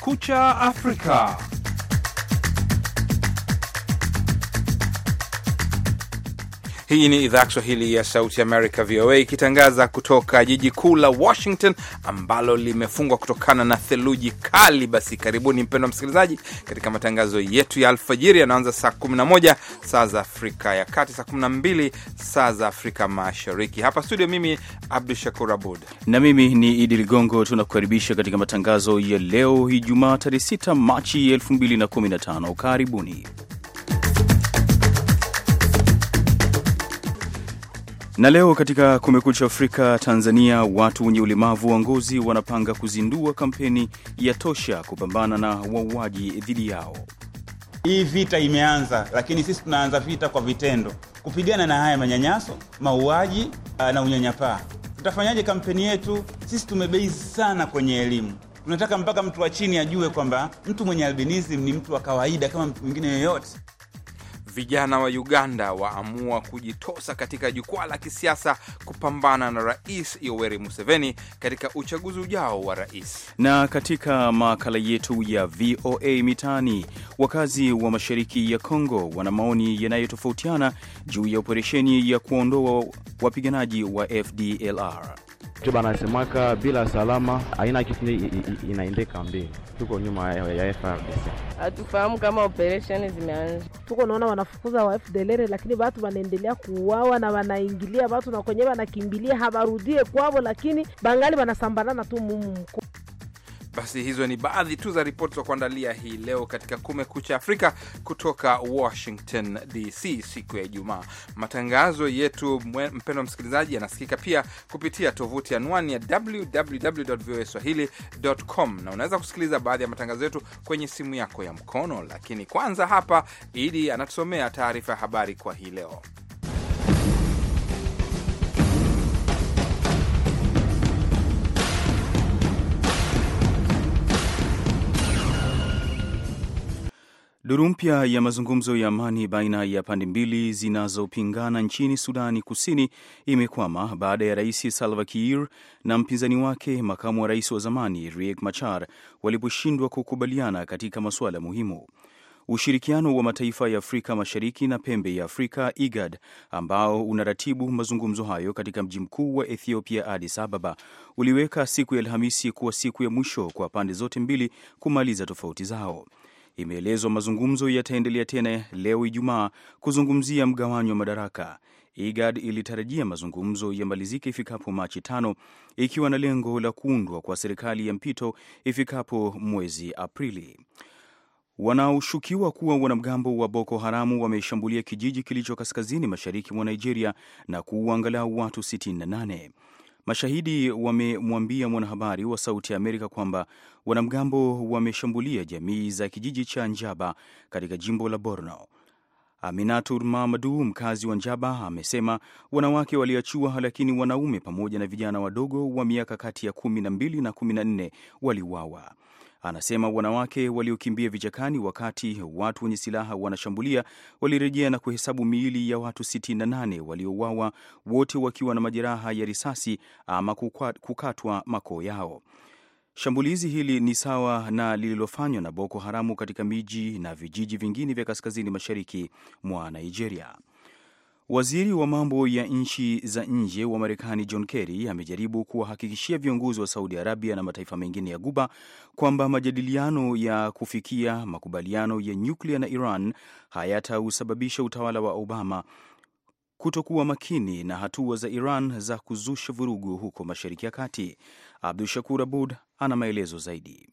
Kucha Africa. Hii ni idhaa ya Kiswahili ya Sauti Amerika, VOA, ikitangaza kutoka jiji kuu la Washington ambalo limefungwa kutokana na theluji kali. Basi karibuni mpendwa msikilizaji, katika matangazo yetu ya alfajiri yanaanza saa 11 saa za Afrika ya Kati, saa 12 saa za Afrika Mashariki. Hapa studio, mimi Abdu Shakur Abud na mimi ni Idi Ligongo, tunakukaribisha katika matangazo ya leo Ijumaa tarehe 6 Machi 2015. Karibuni. Na leo katika Kumekucha Afrika, Tanzania, watu wenye ulemavu wa ngozi wanapanga kuzindua kampeni ya Tosha kupambana na wauaji dhidi yao. Hii vita imeanza, lakini sisi tunaanza vita kwa vitendo, kupigana na haya manyanyaso, mauaji ah, na unyanyapaa. Tutafanyaje kampeni yetu? Sisi tumebase sana kwenye elimu. Tunataka mpaka mtu wa chini ajue kwamba mtu mwenye albinism ni mtu wa kawaida kama mtu mwingine yoyote. Vijana wa Uganda waamua kujitosa katika jukwaa la kisiasa kupambana na Rais Yoweri Museveni katika uchaguzi ujao wa rais. Na katika makala yetu ya VOA Mitaani, wakazi wa mashariki ya Kongo wana maoni yanayotofautiana juu ya operesheni ya kuondoa wapiganaji wa FDLR banasemaka bila salama aina kitu inaendeka mbele, tuko nyuma ya FRDC. Hatufahamu kama operation zimeanza, tuko naona wanafukuza wa FDLR, lakini watu wanaendelea kuuawa na wanaingilia watu na kwenye wanakimbilia habarudie kwavo, lakini bangali wanasambanana tu mumu mko basi hizo ni baadhi tu za ripoti za kuandalia hii leo katika Kumekucha Afrika kutoka Washington DC, siku ya Ijumaa. Matangazo yetu, mpendwa msikilizaji, yanasikika pia kupitia tovuti anwani ya www swahili.com, na unaweza kusikiliza baadhi ya matangazo yetu kwenye simu yako ya mkono. Lakini kwanza hapa, Idi anatusomea taarifa ya habari kwa hii leo. Duru mpya ya mazungumzo ya amani baina ya pande mbili zinazopingana nchini Sudani Kusini imekwama baada ya Rais Salva Kiir na mpinzani wake makamu wa rais wa zamani Riek Machar waliposhindwa kukubaliana katika masuala muhimu. Ushirikiano wa mataifa ya Afrika Mashariki na Pembe ya Afrika IGAD ambao unaratibu mazungumzo hayo katika mji mkuu wa Ethiopia Addis Ababa uliweka siku ya Alhamisi kuwa siku ya mwisho kwa pande zote mbili kumaliza tofauti zao imeelezwa mazungumzo yataendelea tena leo Ijumaa kuzungumzia mgawanyo wa madaraka. IGAD ilitarajia mazungumzo yamalizike ifikapo Machi tano ikiwa na lengo la kuundwa kwa serikali ya mpito ifikapo mwezi Aprili. Wanaoshukiwa kuwa wanamgambo wa Boko Haramu wameshambulia kijiji kilicho kaskazini mashariki mwa Nigeria na kuua angalau watu 68. Mashahidi wamemwambia mwanahabari wa Sauti ya Amerika kwamba wanamgambo wameshambulia jamii za kijiji cha Njaba katika jimbo la Borno. Aminatur Mamadu, mkazi wa Njaba, amesema wanawake waliachua, lakini wanaume pamoja na vijana wadogo wa miaka kati ya kumi na mbili na kumi na nne waliuawa. Anasema wanawake waliokimbia vichakani wakati watu wenye silaha wanashambulia walirejea na kuhesabu miili ya watu 68 waliouawa, wote wakiwa na majeraha ya risasi ama kukatwa makoo yao. Shambulizi hili ni sawa na lililofanywa na Boko Haramu katika miji na vijiji vingine vya kaskazini mashariki mwa Nigeria. Waziri wa mambo ya nchi za nje wa Marekani John Kerry amejaribu kuwahakikishia viongozi wa Saudi Arabia na mataifa mengine ya Guba kwamba majadiliano ya kufikia makubaliano ya nyuklia na Iran hayatausababisha utawala wa Obama kutokuwa makini na hatua za Iran za kuzusha vurugu huko Mashariki ya Kati. Abdu Shakur Abud ana maelezo zaidi.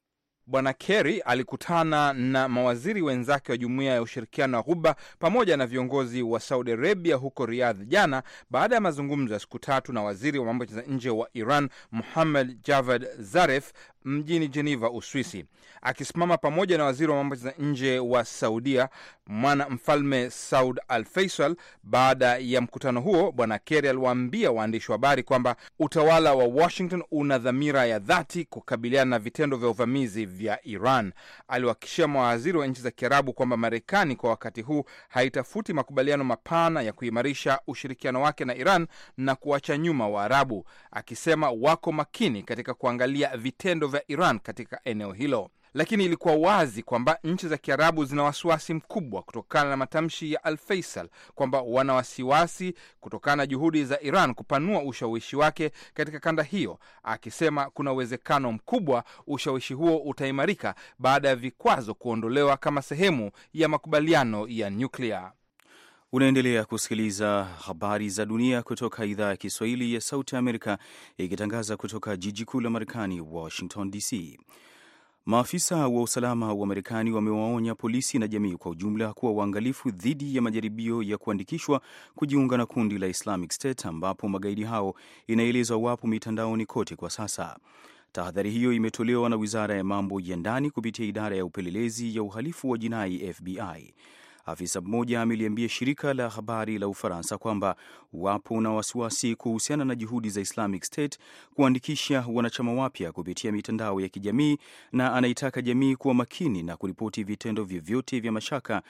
Bwana Kerry alikutana na mawaziri wenzake wa jumuiya ya ushirikiano wa Ghuba pamoja na viongozi wa Saudi Arabia huko Riyadh jana, baada ya mazungumzo ya siku tatu na waziri wa mambo ya nje wa Iran Muhammad Javad Zarif mjini Geneva, Uswisi, akisimama pamoja na waziri wa mambo ya nje wa Saudia mwana mfalme Saud Al Faisal. Baada ya mkutano huo, Bwana Kerry aliwaambia waandishi wa habari kwamba utawala wa Washington una dhamira ya dhati kukabiliana na vitendo vya uvamizi vya Iran. Aliwahakikishia mawaziri wa nchi za Kiarabu kwamba Marekani kwa wakati huu haitafuti makubaliano mapana ya kuimarisha ushirikiano wake na Iran na kuacha nyuma Waarabu, akisema wako makini katika kuangalia vitendo vya Iran katika eneo hilo lakini ilikuwa wazi kwamba nchi za Kiarabu zina wasiwasi mkubwa kutokana na matamshi ya Al Faisal kwamba wana wasiwasi kutokana na juhudi za Iran kupanua ushawishi wake katika kanda hiyo, akisema kuna uwezekano mkubwa ushawishi huo utaimarika baada ya vikwazo kuondolewa kama sehemu ya makubaliano ya nyuklia. Unaendelea kusikiliza habari za dunia kutoka idhaa ya Kiswahili ya Sauti ya Amerika, ikitangaza kutoka jiji kuu la Marekani, Washington DC. Maafisa wa usalama wa Marekani wamewaonya polisi na jamii kwa ujumla kuwa waangalifu dhidi ya majaribio ya kuandikishwa kujiunga na kundi la Islamic State ambapo magaidi hao inaelezwa wapo mitandaoni kote kwa sasa. Tahadhari hiyo imetolewa na Wizara ya Mambo ya Ndani kupitia idara ya upelelezi ya uhalifu wa jinai FBI. Afisa mmoja ameliambia shirika la habari la Ufaransa kwamba wapo na wasiwasi kuhusiana na juhudi za Islamic State kuandikisha wanachama wapya kupitia mitandao ya kijamii, na anaitaka jamii kuwa makini na kuripoti vitendo vyovyote vya mashaka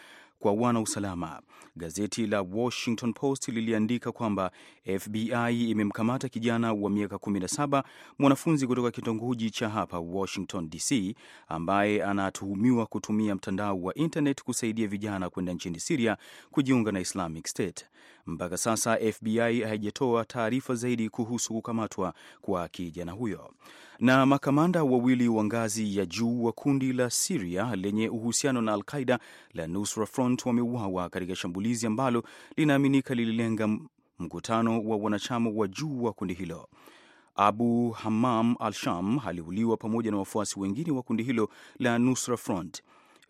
kwa usalama Gazeti la Washington Post liliandika kwamba FBI imemkamata kijana wa miaka 17 mwanafunzi kutoka kitongoji cha hapa Washington DC, ambaye anatuhumiwa kutumia mtandao wa internet kusaidia vijana kwenda nchini Siria kujiunga na Islamic State. Mpaka sasa FBI haijatoa taarifa zaidi kuhusu kukamatwa kwa kijana huyo na makamanda wawili wa ngazi ya juu wa kundi la Siria lenye uhusiano na Al-Qaida la Nusra Front wameuawa katika shambulizi ambalo linaaminika lililenga mkutano wa wanachama wa juu wa kundi hilo. Abu hamam al-Sham aliuliwa pamoja na wafuasi wengine wa kundi hilo la Nusra Front.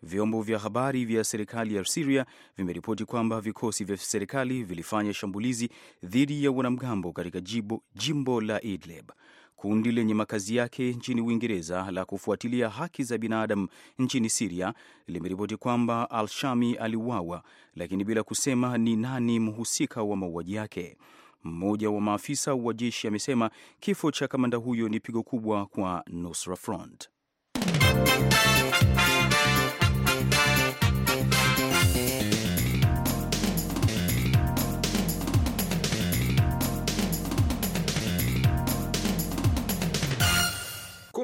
Vyombo vya habari vya serikali ya Siria vimeripoti kwamba vikosi vya serikali vilifanya shambulizi dhidi ya wanamgambo katika jimbo la Idlib kundi lenye makazi yake nchini Uingereza la kufuatilia haki za binadamu nchini Siria limeripoti kwamba Al-Shami aliuawa, lakini bila kusema ni nani mhusika wa mauaji yake. Mmoja wa maafisa wa jeshi amesema kifo cha kamanda huyo ni pigo kubwa kwa Nusra Front.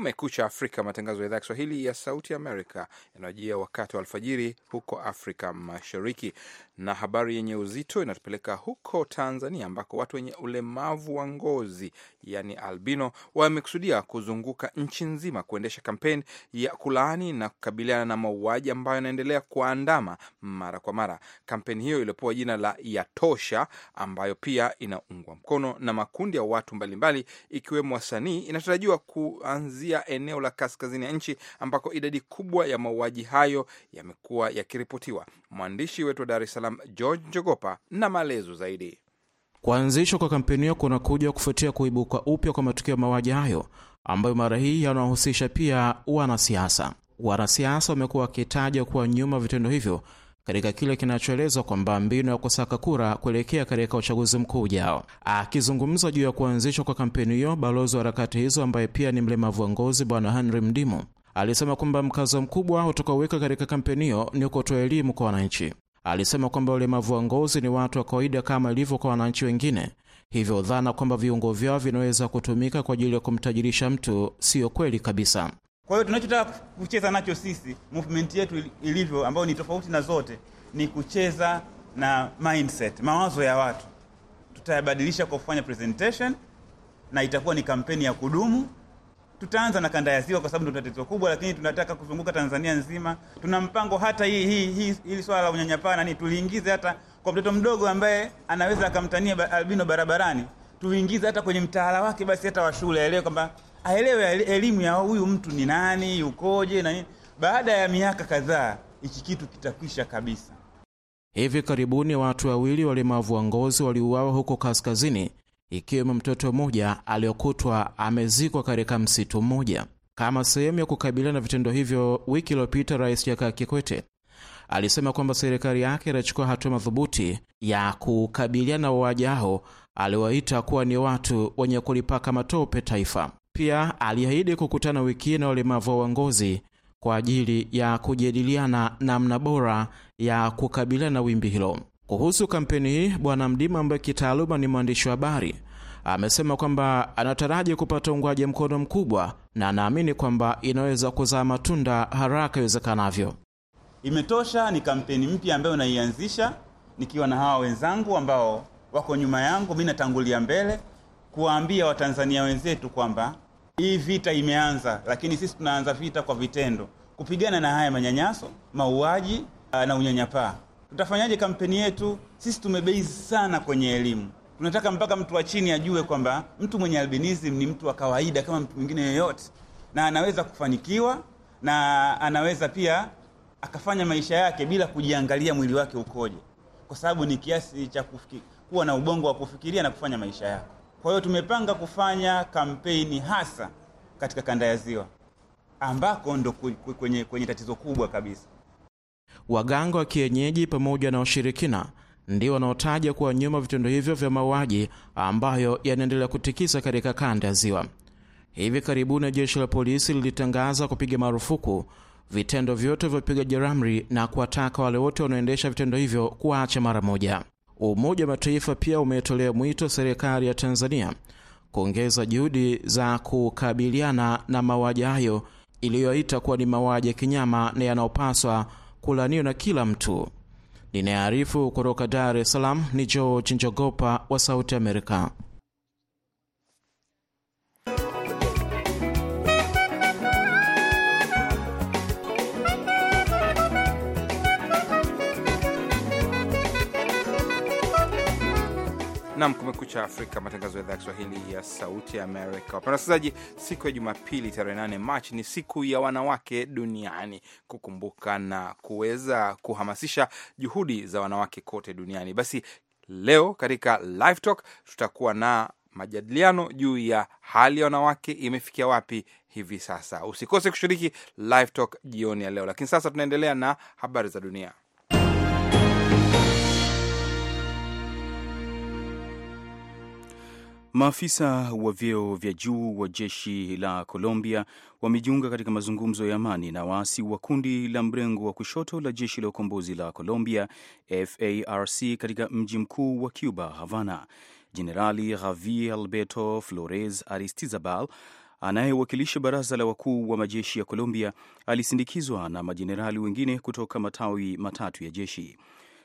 Kumekucha Afrika, matangazo ya idhaa ya Kiswahili ya Sauti Amerika yanayojia wakati wa alfajiri huko Afrika Mashariki. Na habari yenye uzito inatupeleka huko Tanzania, ambako watu wenye ulemavu wa ngozi yani albino wamekusudia kuzunguka nchi nzima kuendesha kampeni ya kulaani na kukabiliana na mauaji ambayo yanaendelea kuandama mara kwa mara. Kampeni hiyo iliyopewa jina la Yatosha, ambayo pia inaungwa mkono na makundi ya watu mbalimbali, ikiwemo wasanii, inatarajiwa kuanzia kuanzia eneo la kaskazini ya nchi ambako idadi kubwa ya mauaji hayo yamekuwa yakiripotiwa. Mwandishi wetu wa Dar es Salaam George Njogopa na maelezo zaidi. Kuanzishwa kwa kampeni hiyo kunakuja kufuatia kuibuka upya kwa matukio ya mauaji hayo ambayo mara hii yanahusisha pia wanasiasa. Wanasiasa wamekuwa wakitaja kuwa nyuma vitendo hivyo katika kile kinachoelezwa kwamba mbinu ya kusaka kura kuelekea katika uchaguzi mkuu ujao. Akizungumza juu ya kuanzishwa kwa kampeni hiyo, balozi wa harakati hizo ambaye pia ni mlemavu wa ngozi Bwana Henry mdimu alisema kwamba mkazo mkubwa utakaoweka katika kampeni hiyo ni kutoa elimu kwa wananchi. Alisema kwamba ulemavu wa ngozi ni watu wa kawaida kama ilivyo kwa wananchi wengine, hivyo dhana kwamba viungo vyao vinaweza kutumika kwa ajili ya kumtajirisha mtu siyo kweli kabisa. Kwa hiyo tunachotaka kucheza nacho sisi, movement yetu ilivyo, ambayo ni tofauti na zote, ni kucheza na mindset, mawazo ya watu. Tutayabadilisha kwa kufanya presentation na itakuwa ni kampeni ya kudumu. Tutaanza na kanda ya Ziwa kwa sababu ndio tatizo kubwa, lakini tunataka kuzunguka Tanzania nzima. Tuna mpango hata hii hii hii hili swala la unyanyapaa nani tuliingize hata kwa mtoto mdogo ambaye anaweza akamtania albino barabarani, tuingize hata kwenye mtaala wake basi hata wa shule aelewe kwamba aelewe elimu ya huyu mtu ni nani, yukoje na nini. Baada ya miaka kadhaa, hiki kitu kitakwisha kabisa. Hivi karibuni watu wawili walemavu wa ngozi waliuawa huko kaskazini, ikiwemo mtoto mmoja aliyokutwa amezikwa katika msitu mmoja. Kama sehemu ya kukabiliana na vitendo hivyo, wiki iliyopita Rais jakaa Kikwete alisema kwamba serikali yake inachukua hatua madhubuti ya kukabiliana na wauaji hao kuwa ni watu wenye kulipaka matope taifa. Pia aliahidi kukutana wiki na ulemavu wa ngozi kwa ajili ya kujadiliana namna bora ya kukabiliana na wimbi hilo. Kuhusu kampeni hii, Bwana Mdima ambaye kitaaluma ni mwandishi wa habari amesema kwamba anataraji kupata uungwaji mkono mkubwa na anaamini kwamba inaweza kuzaa matunda haraka iwezekanavyo. Imetosha ni kampeni mpya ambayo naianzisha nikiwa na hawa wenzangu ambao wako nyuma yangu, mi natangulia mbele kuwaambia Watanzania wenzetu kwamba hii vita imeanza, lakini sisi tunaanza vita kwa vitendo, kupigana na haya manyanyaso, mauaji ah, na unyanyapaa. Tutafanyaje kampeni yetu? Sisi tumebase sana kwenye elimu. Tunataka mpaka mtu wa chini ajue kwamba mtu mwenye albinism ni mtu wa kawaida kama mtu mwingine yoyote, na anaweza kufanikiwa na anaweza pia akafanya maisha yake bila kujiangalia mwili wake ukoje, kwa sababu ni kiasi cha kuwa na ubongo wa kufikiria na kufanya maisha yako. Kwa hiyo tumepanga kufanya kampeni hasa katika kanda ya Ziwa ambako ndo kwenye, kwenye tatizo kubwa kabisa. Waganga wa kienyeji pamoja na washirikina ndio wanaotaja kuwa nyuma vitendo hivyo vya mauaji ambayo yanaendelea kutikisa katika kanda ya Ziwa. Hivi karibuni jeshi la polisi lilitangaza kupiga marufuku vitendo vyote vya upigaji ramli na kuwataka wale wote wanaoendesha vitendo hivyo kuacha mara moja. Umoja wa Mataifa pia umetolea mwito serikali ya Tanzania kuongeza juhudi za kukabiliana na mauaji hayo iliyoita kuwa ni mauaji ya kinyama na yanayopaswa kulaniwa na kila mtu. ninayarifu kutoka Dar es Salaam ni George Njogopa wa Sauti Amerika. Nam kumekucha Afrika, matangazo ya idhaa ya Kiswahili ya Sauti ya Amerika. Wapenda wasikilizaji, siku ya Jumapili tarehe 8 Machi ni siku ya wanawake duniani, kukumbuka na kuweza kuhamasisha juhudi za wanawake kote duniani. Basi leo katika Live Talk tutakuwa na majadiliano juu ya hali ya wanawake imefikia wapi hivi sasa. Usikose kushiriki Live Talk jioni ya leo, lakini sasa tunaendelea na habari za dunia. Maafisa wa vyeo vya juu wa jeshi la Colombia wamejiunga katika mazungumzo ya amani na waasi wa kundi la mrengo wa kushoto la jeshi la ukombozi la Colombia FARC katika mji mkuu wa Cuba, Havana. Jenerali Javi Alberto Flores Aristizabal anayewakilisha baraza la wakuu wa majeshi ya Colombia alisindikizwa na majenerali wengine kutoka matawi matatu ya jeshi.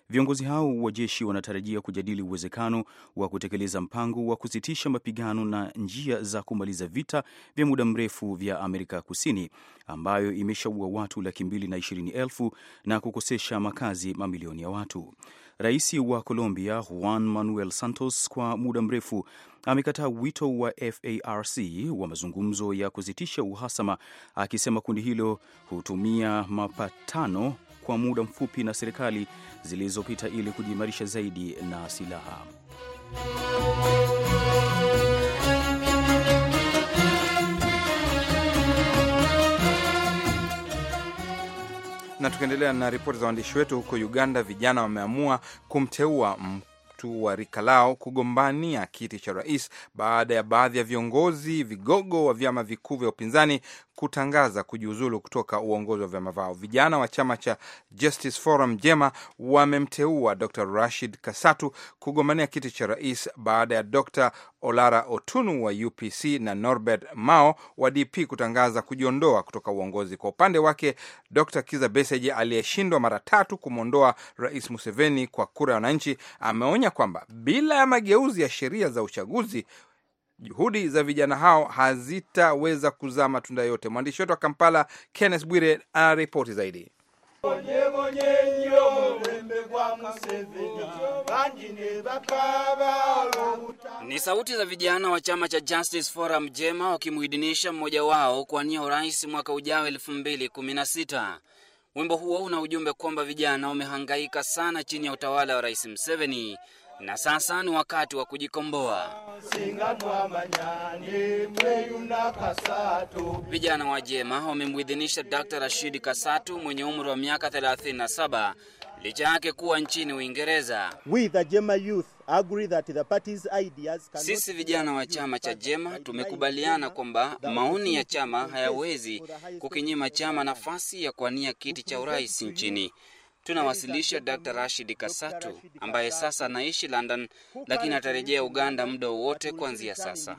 Viongozi hao wa jeshi wanatarajia kujadili uwezekano wa kutekeleza mpango wa kusitisha mapigano na njia za kumaliza vita vya muda mrefu vya Amerika Kusini ambayo imeshaua watu laki mbili na ishirini elfu na kukosesha makazi mamilioni ya watu. Rais wa Colombia Juan Manuel Santos kwa muda mrefu amekataa wito wa FARC wa mazungumzo ya kusitisha uhasama, akisema kundi hilo hutumia mapatano kwa muda mfupi na serikali zilizopita ili kujiimarisha zaidi na silaha. Na tukiendelea na ripoti za waandishi wetu huko Uganda, vijana wameamua kumteua mtu wa rika lao kugombania kiti cha rais baada ya baadhi ya viongozi vigogo wa vyama vikuu vya upinzani kutangaza kujiuzulu kutoka uongozi wa vyama vao. Vijana wa chama cha Justice Forum Njema wamemteua Dr Rashid Kasatu kugombania kiti cha rais baada ya Dr Olara Otunu wa UPC na Norbert Mao wa DP kutangaza kujiondoa kutoka uongozi. Kwa upande wake, Dr Kiza Beseji aliyeshindwa mara tatu kumwondoa Rais Museveni kwa kura ya wananchi ameonya kwamba bila ya mageuzi ya sheria za uchaguzi juhudi za vijana hao hazitaweza kuzaa matunda yote. Mwandishi wetu wa Kampala, Kenneth Bwire, anaripoti zaidi. Ni sauti za vijana wa chama cha Justice Forum Jema wakimuidinisha mmoja wao kuwania urais mwaka ujao elfu sita. Wimbo huo una ujumbe kwamba vijana wamehangaika sana chini ya utawala wa Rais Museveni na sasa ni wakati wa kujikomboa. Vijana wa Jema wamemwidhinisha Dr. Rashid Kasatu mwenye umri wa miaka 37 licha yake kuwa nchini Uingereza. Sisi vijana wa chama cha Jema tumekubaliana kwamba maoni ya chama hayawezi kukinyima chama nafasi ya kuania kiti cha urais nchini tunawasilisha Dr. Rashid Kasatu ambaye sasa anaishi London, lakini atarejea Uganda muda wowote kuanzia sasa.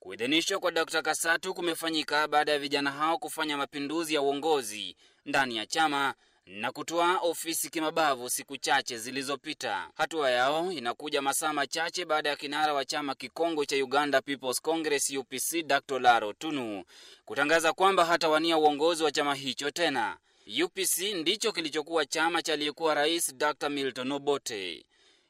Kuidhinishwa kwa Dr. Kasatu kumefanyika baada ya vijana hao kufanya mapinduzi ya uongozi ndani ya chama na kutoa ofisi kimabavu siku chache zilizopita. Hatua yao inakuja masaa machache baada ya kinara wa chama kikongwe cha Uganda People's Congress UPC Dr. Laro Tunu kutangaza kwamba hatawania uongozi wa chama hicho tena. UPC ndicho kilichokuwa chama cha aliyekuwa rais Dr. Milton Obote.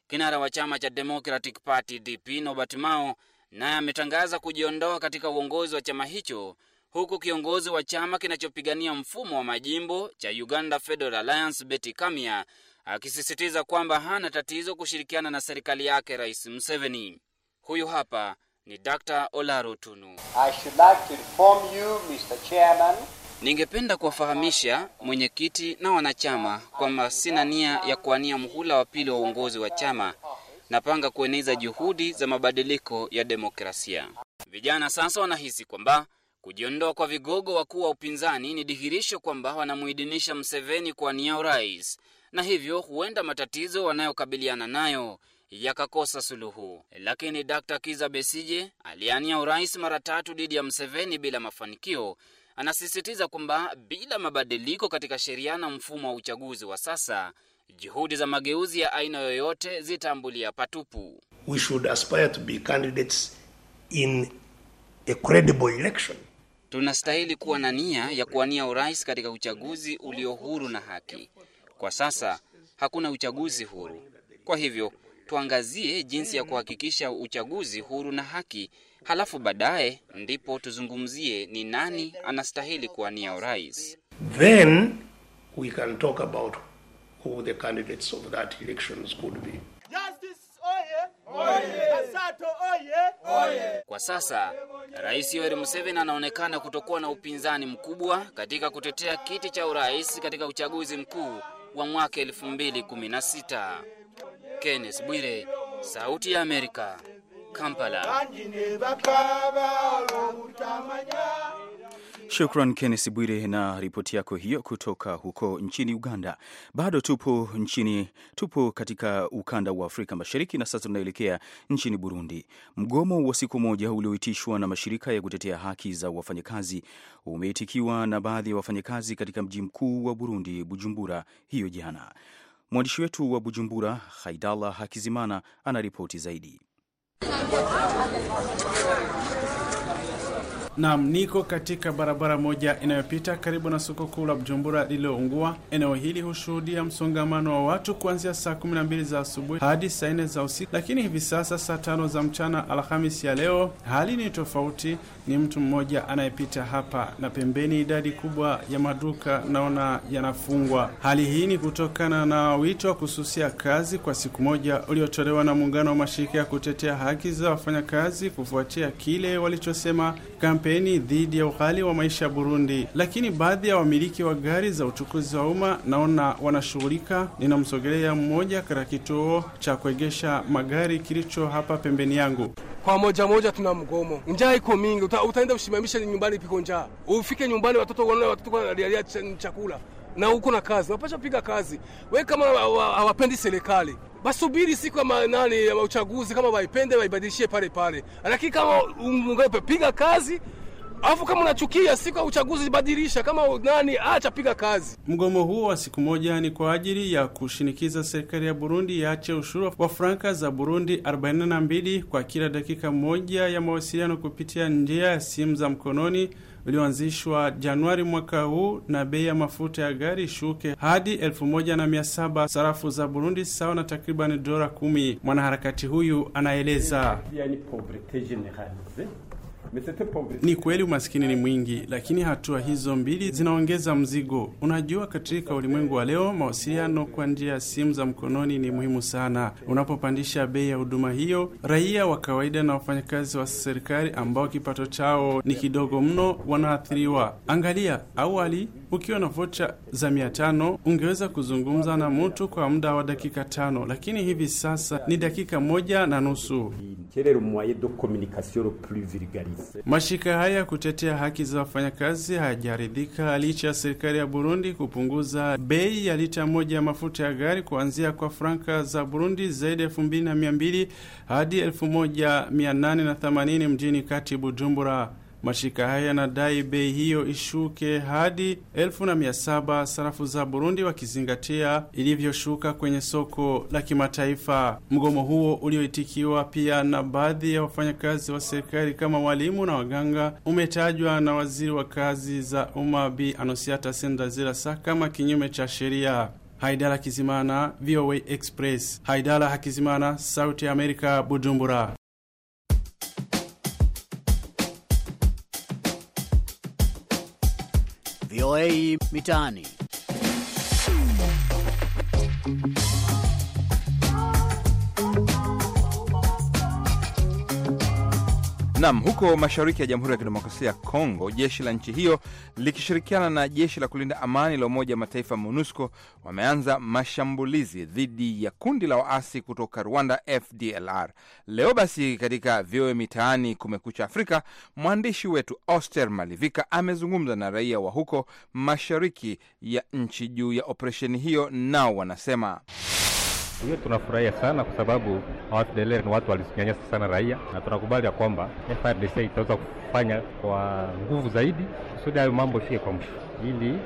Kinara wa chama cha Democratic Party DP Nobert Mao naye ametangaza kujiondoa katika uongozi wa chama hicho, huku kiongozi wa chama kinachopigania mfumo wa majimbo cha Uganda Federal Alliance Betty Kamya akisisitiza kwamba hana tatizo kushirikiana na serikali yake Rais Museveni. Huyu hapa ni Dr. Olaro Tunu. I should like to inform you, Mr. Chairman, Ningependa kuwafahamisha mwenyekiti na wanachama kwamba sina nia ya kuwania mhula wa pili wa uongozi wa chama. Napanga kueneza juhudi za mabadiliko ya demokrasia. Vijana sasa wanahisi kwamba kujiondoa kwa vigogo wakuu wa upinzani ni dhihirisho kwamba wanamuidinisha Mseveni kuwania urais, na hivyo huenda matatizo wanayokabiliana nayo yakakosa suluhu. Lakini Dr. Kiza Besije aliania urais mara tatu dhidi ya Mseveni bila mafanikio Anasisitiza kwamba bila mabadiliko katika sheria na mfumo wa uchaguzi wa sasa, juhudi za mageuzi ya aina yoyote zitaambulia patupu. We should aspire to be candidates in a credible election. Tunastahili kuwa na nia ya kuwania urais katika uchaguzi ulio huru na haki. Kwa sasa hakuna uchaguzi huru, kwa hivyo tuangazie jinsi ya kuhakikisha uchaguzi huru na haki, halafu baadaye ndipo tuzungumzie ni nani anastahili kuwania urais. Then we can talk about who the candidates of that elections could be. Kwa sasa Rais Yoweri Museveni anaonekana kutokuwa na upinzani mkubwa katika kutetea kiti cha urais katika uchaguzi mkuu wa mwaka 2016. Kenneth Bwire, Sauti ya Amerika, Kampala. Shukran Kennes Bwire na ripoti yako hiyo kutoka huko nchini Uganda. Bado tupo nchini, tupo katika ukanda wa Afrika Mashariki na sasa tunaelekea nchini Burundi. Mgomo wa siku moja ulioitishwa na mashirika ya kutetea haki za wafanyakazi umeitikiwa na baadhi ya wafanyakazi katika mji mkuu wa Burundi, Bujumbura, hiyo jana. Mwandishi wetu wa Bujumbura, Haidala Hakizimana, anaripoti zaidi. Naam, niko katika barabara moja inayopita karibu na soko kuu la Bujumbura lililoungua. Eneo hili hushuhudia msongamano wa watu kuanzia saa mbili za asubuhi hadi saa 4 za usiku, lakini hivi sasa saa tano za mchana Alhamisi ya leo hali ni tofauti. Ni mtu mmoja anayepita hapa na pembeni, idadi kubwa ya maduka naona yanafungwa. Hali hii ni kutokana na wito wa kususia kazi kwa siku moja uliotolewa na muungano wa mashirika ya kutetea haki za wafanyakazi kufuatia kile walichosema kampeni dhidi ya ughali wa maisha ya Burundi, lakini baadhi ya wamiliki wa gari za uchukuzi wa umma naona wanashughulika. Ninamsogelea mmoja katika kituo cha kuegesha magari kilicho hapa pembeni yangu. Kwa moja moja tuna mgomo, njaa iko mingi, uta, utaenda usimamisha nyumbani, piko njaa, ufike nyumbani watoto wanaona watoto wanalialia chakula na uko na kazi, unapasha piga kazi. We kama hawapendi serikali basubiri siku ya nani ya uchaguzi, kama waipende waibadilishie pale pale, lakini kama ungepe piga kazi Alafu kama unachukia siku ya uchaguzi badilisha, kama nani, acha piga kazi. Mgomo huo wa siku moja ni kwa ajili ya kushinikiza serikali ya Burundi iache ushuru wa franka za Burundi 42 kwa kila dakika moja ya mawasiliano kupitia njia ya simu za mkononi ulioanzishwa Januari mwaka huu na bei ya mafuta ya gari ishuke hadi 17 sarafu za Burundi, sawa na takribani dola kumi. Mwanaharakati huyu anaeleza ni kweli umaskini ni mwingi, lakini hatua hizo mbili zinaongeza mzigo. Unajua, katika ulimwengu wa leo mawasiliano kwa njia ya simu za mkononi ni muhimu sana. Unapopandisha bei ya huduma hiyo, raia wa kawaida na wafanyakazi wa serikali ambao kipato chao ni kidogo mno wanaathiriwa. Angalia, awali ukiwa na vocha za mia tano ungeweza kuzungumza na mtu kwa muda wa dakika tano, lakini hivi sasa ni dakika moja na nusu. Mashirika haya kutetea haki za wafanyakazi hayajaridhika licha ya serikali ya Burundi kupunguza bei ya lita moja ya mafuta ya gari kuanzia kwa franka za Burundi zaidi ya elfu mbili na mia mbili hadi elfu moja mia nane na themanini mjini kati Bujumbura. Mashirika haya yanadai bei hiyo ishuke hadi elfu na mia saba sarafu za Burundi, wakizingatia ilivyoshuka kwenye soko la kimataifa. Mgomo huo ulioitikiwa pia na baadhi ya wafanyakazi wa serikali kama walimu na waganga umetajwa na waziri wa kazi za umma Bi Anosiata Sendazirasa kama kinyume cha sheria. Haidala Kizimana, VOA Express. Haidala Hakizimana, Sauti ya Amerika, Bujumbura. VOA Mitaani. Nam, huko mashariki ya Jamhuri ya Kidemokrasia ya Kongo, jeshi la nchi hiyo likishirikiana na jeshi la kulinda amani la Umoja wa Mataifa MONUSCO wameanza mashambulizi dhidi ya kundi la waasi kutoka Rwanda, FDLR. Leo basi katika vyowe mitaani Kumekucha Afrika, mwandishi wetu Oster Malivika amezungumza na raia wa huko mashariki ya nchi juu ya operesheni hiyo, nao wanasema hiyo tunafurahia sana kwa sababu fdlr ni watu walinyanyasa sana raia, na tunakubali ya kwamba FRDC itaweza kufanya kwa nguvu zaidi kusudi hayo mambo ifike kwa mwisho ili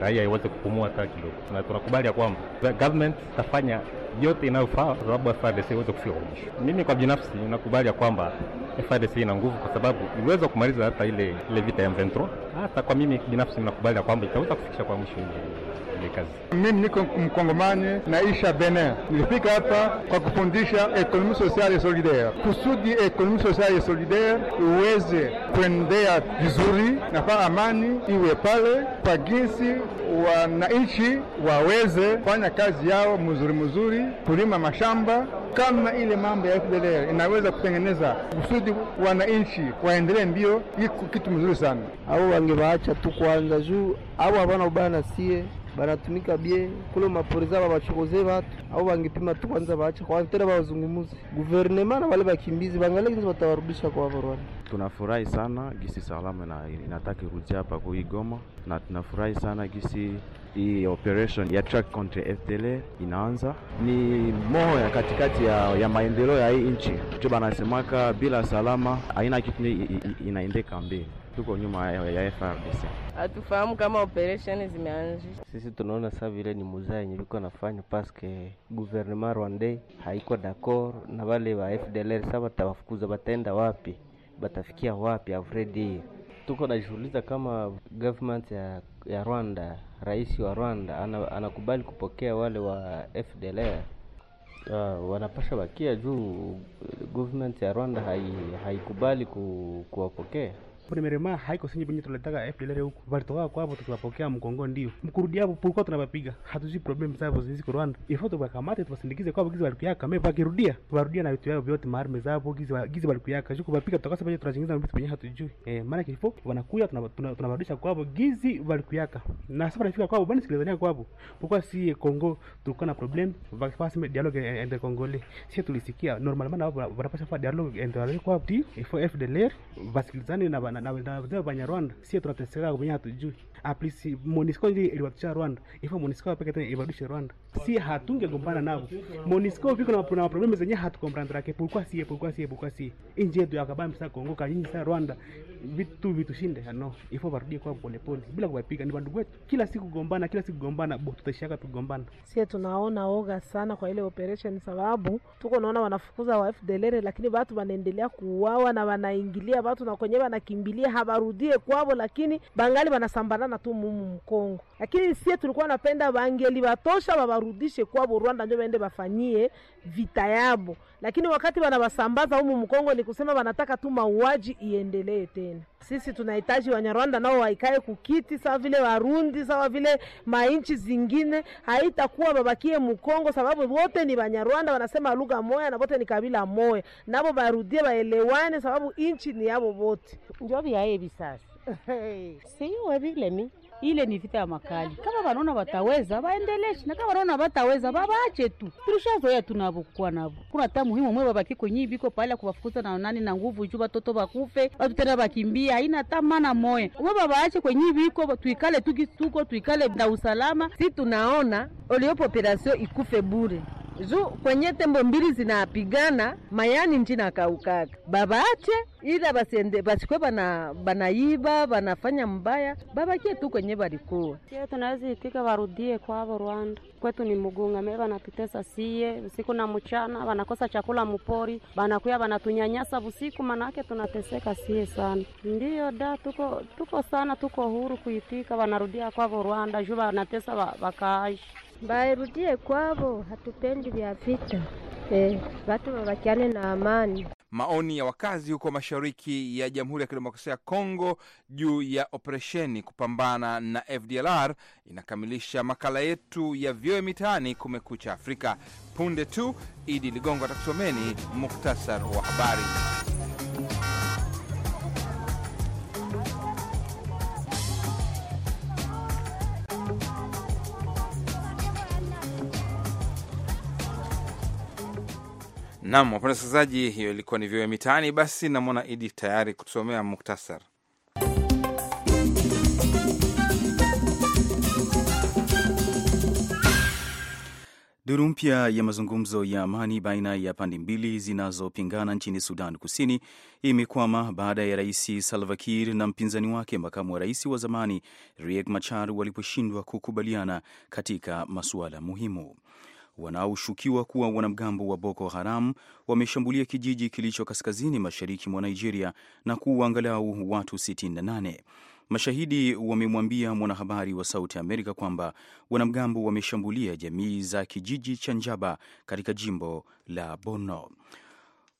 raia iweze kupumua hata kidogo, na tunakubali ya kwamba government itafanya yote inayofaa, kwa sababu FARDC iweze kufika kwa mwisho. Mimi kwa binafsi nakubali ya kwamba FARDC ina nguvu, kwa sababu iliweza kumaliza hata ile ile vita ya M23. Hata kwa mimi binafsi nakubali ya kwamba itaweza kufikisha kwa mwisho ile kazi. Mimi niko Mkongomani, naisha Benin. Nilifika hapa kwa kufundisha ekonomi sociale solidaire, kusudi ekonomi sociale solidaire uweze kuendea vizuri, nafaa amani iwe pale kwa jinsi wananchi waweze kufanya kazi yao mzuri mzuri kazi, kulima mashamba kama ile mambo ya FDLR inaweza kutengeneza kusudi wananchi waendelee, mbio iko kitu mzuri sana. Au wangewaacha tu kwanza, juu au havana ubaya na sie banatumika bie kule maporeza babachokoze batu au bangepima tu kwanza baacha kwanza tena bazungumuze guvernema na wale bakimbizi bangalie kinzi batawarudisha kwa Rwanda. Tunafurahi sana gisi salama na inataka irudia hapa kwa Goma, na tunafurahi sana gisi hii operation ya track contre FDL inaanza, ni moyo ya katikati ya, ya maendeleo ya hii nchi. Juba banasemaka bila salama haina kitu inaendeka mbele, tuko nyuma ya, FRDC. Hatufahamu kama operation zimeanzishwa. Sisi tunaona saa vile ni muzaa yenye liko nafanya paske gouvernement rwandais haiko d'accord na wale wa FDLR. sa watawafukuza batenda wapi? Batafikia wapi? Afredi, tuko najiuliza kama government ya, ya Rwanda rais wa Rwanda anakubali kupokea wale wa FDLR uh, ah, wanapasha bakia juu government ya Rwanda haikubali hai ku, kuwapokea. Punemerema haiko senye benye tuletaka FDLR huku. Balitoka kwa hapo tukiwapokea mkongo ndio. Mkurudi hapo pulikuwa tunabapiga. Hatujui problem zao ziziko Rwanda. Ifo tubakamate tubasindikize kwa kizi balikuyaka me bakirudia. Tubarudia na vitu vyao vyote maarme zao kizi kizi balikuyaka. Juko bapiga tutakasa benye tunachingiza na vitu benye hatujui. Eh, maana kifo wanakuya tunabarudisha kwa hapo gizi balikuyaka. Na sasa tunafika kwa hapo bani sikilizania kwa hapo. Pokwa si Kongo tulikuwa na problem. Vakifasi dialogue e, entre Congolais. Sisi tulisikia normal, na hapo wanapaswa fa dialogue ende wale kwa hapo. Ifo FDLR basikilizane na bana Rwanda na, na, na Banyarwanda sio tunateseka kwenye hatujui. Ah, please Monisco ndio iliwakisha Rwanda. ifa Monisco peke tena ibadishe Rwanda. Si hatunge gombana nabo Monisco viko na na problem zenye hatu hatukombranda yake. Pourquoi si pourquoi si pourquoi si? Inje ndio akabamba sa Kongo ka kanyinyi sa Rwanda. Vitu vitu shinde ah, no. ifa barudi kwa pole pole bila kuwapiga ni bandugu wetu. Kila siku gombana, kila siku gombana, bo tutashaka tugombana. Sisi tunaona oga sana kwa ile operation sababu tuko naona wanafukuza wa FDLR lakini watu wanaendelea kuuawa na wanaingilia watu na kwenye wanakimbilia habarudie kwao, lakini bangali wanasambana wanapatikana tu mumu Mkongo, lakini sie tulikuwa napenda bangeli watosha wabarudishe kwa Burwanda njo waende bafanyie vita yabo, lakini wakati wanabasambaza humu Mkongo ni kusema wanataka tu mauaji iendelee tena. Sisi tunahitaji Wanyarwanda nao waikae kukiti sawa vile Warundi, sawa vile mainchi zingine, haitakuwa babakie Mkongo sababu wote ni Banyarwanda, wanasema lugha moya na wote ni kabila moya, nabo barudie baelewane sababu inchi ni yabo wote njo biyaebi sasa Hey. Siwe vile ni ile ni vita ya makali. Kama wanaona wataweza waendeleshe, na kama wanaona wataweza wawache tu. Tulishazoea tunavokuwa navo. Kuna hata muhimu mwe babaki kwenye biko pale kuwafukuza na nani na nguvu juu watoto wakufe watu tena bakimbia, haina hata maana moya. Mwe wawaache kwenye biko, tuikale tukituko tuikale na usalama. Si tunaona oliopo operasio ikufe bure zu kwenye tembo mbili zinapigana mayani njina akaukaka babaache ila basende basikwe bana banaiba banafanya mbaya babakie tu kwenye balikuwa sie tunaweza itika barudie kwa Rwanda kwetu ni mugunga me banatutesa sie usiku na mchana banakosa chakula mupori banakuya banatunyanyasa busiku manake tunateseka sie sana ndio da tuko tuko sana tuko huru kuitika banarudia kwa Rwanda juu banatesa wakaashi Bairudie kwavo, hatupendi vya vita eh, watu wabakiane na amani. Maoni ya wakazi huko mashariki ya Jamhuri ya Kidemokrasia ya Kongo juu ya operesheni kupambana na FDLR inakamilisha makala yetu ya vyoe mitaani Kumekucha Afrika. Punde tu Idi Ligongo atakusomeni muktasar wa habari. Naam, wapenda wasikilizaji, hiyo ilikuwa ni vyoe mitaani. Basi namwona Idi tayari kutusomea muktasar. Duru mpya ya mazungumzo ya amani baina ya pande mbili zinazopingana nchini Sudan Kusini imekwama baada ya Rais Salva Kiir na mpinzani wake makamu wa rais wa zamani Riek Machar waliposhindwa kukubaliana katika masuala muhimu wanaoshukiwa kuwa wanamgambo wa Boko Haram wameshambulia kijiji kilicho kaskazini mashariki mwa Nigeria na kuua angalau watu 68. Mashahidi wamemwambia mwanahabari wa Sauti Amerika kwamba wanamgambo wameshambulia jamii za kijiji cha Njaba katika jimbo la Borno.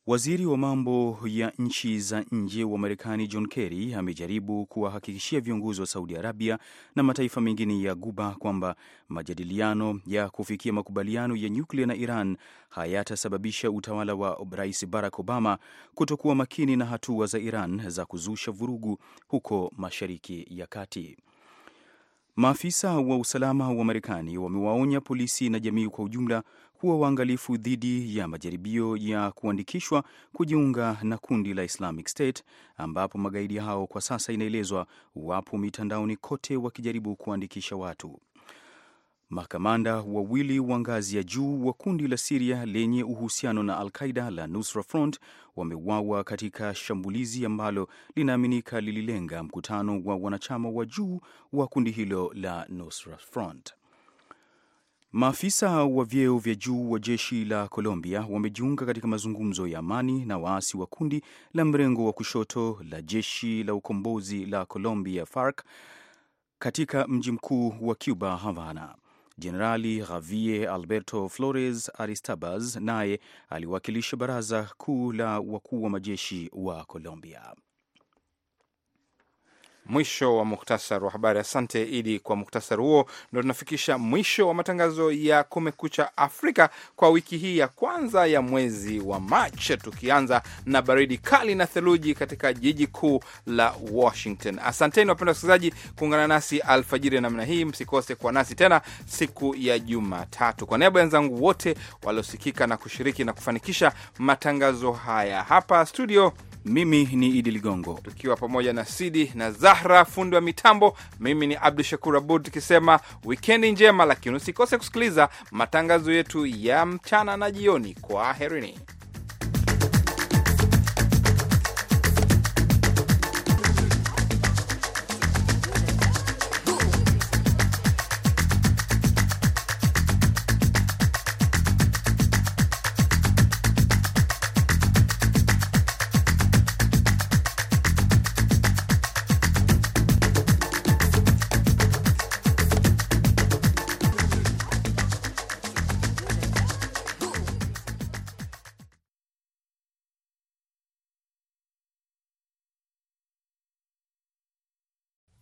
Waziri wa mambo ya nchi za nje wa Marekani John Kerry amejaribu kuwahakikishia viongozi wa Saudi Arabia na mataifa mengine ya Guba kwamba majadiliano ya kufikia makubaliano ya nyuklia na Iran hayatasababisha utawala wa Rais Barack Obama kutokuwa makini na hatua za Iran za kuzusha vurugu huko Mashariki ya Kati. Maafisa wa usalama wa Marekani wamewaonya polisi na jamii kwa ujumla kuwa waangalifu dhidi ya majaribio ya kuandikishwa kujiunga na kundi la Islamic State, ambapo magaidi hao kwa sasa inaelezwa wapo mitandaoni kote wakijaribu kuandikisha watu. Makamanda wawili wa ngazi ya juu wa kundi la Siria lenye uhusiano na Al-Qaida la Nusra Front wameuawa katika shambulizi ambalo linaaminika lililenga mkutano wa wanachama wa juu wa kundi hilo la Nusra Front. Maafisa wa vyeo vya juu wa jeshi la Colombia wamejiunga katika mazungumzo ya amani na waasi wa kundi la mrengo wa kushoto la jeshi la ukombozi la Colombia FARC katika mji mkuu wa Cuba Havana. Jenerali Javier Alberto Flores Aristabaz naye aliwakilisha baraza kuu la wakuu wa majeshi wa Colombia. Mwisho wa muhtasari wa habari. Asante Idi kwa muhtasari huo. Ndo tunafikisha mwisho wa matangazo ya Kumekucha Afrika kwa wiki hii ya kwanza ya mwezi wa Machi, tukianza na baridi kali na theluji katika jiji kuu la Washington. Asanteni wapenda wasikilizaji kuungana nasi alfajiri namna hii. Msikose kuwa nasi tena siku ya Jumatatu. Kwa niaba ya wenzangu wote waliosikika na kushiriki na kufanikisha matangazo haya hapa studio mimi ni Idi Ligongo, tukiwa pamoja na Sidi na Zahra fundi wa mitambo. Mimi ni Abdu Shakur Abud tukisema wikendi njema, lakini usikose kusikiliza matangazo yetu ya mchana na jioni. kwa herini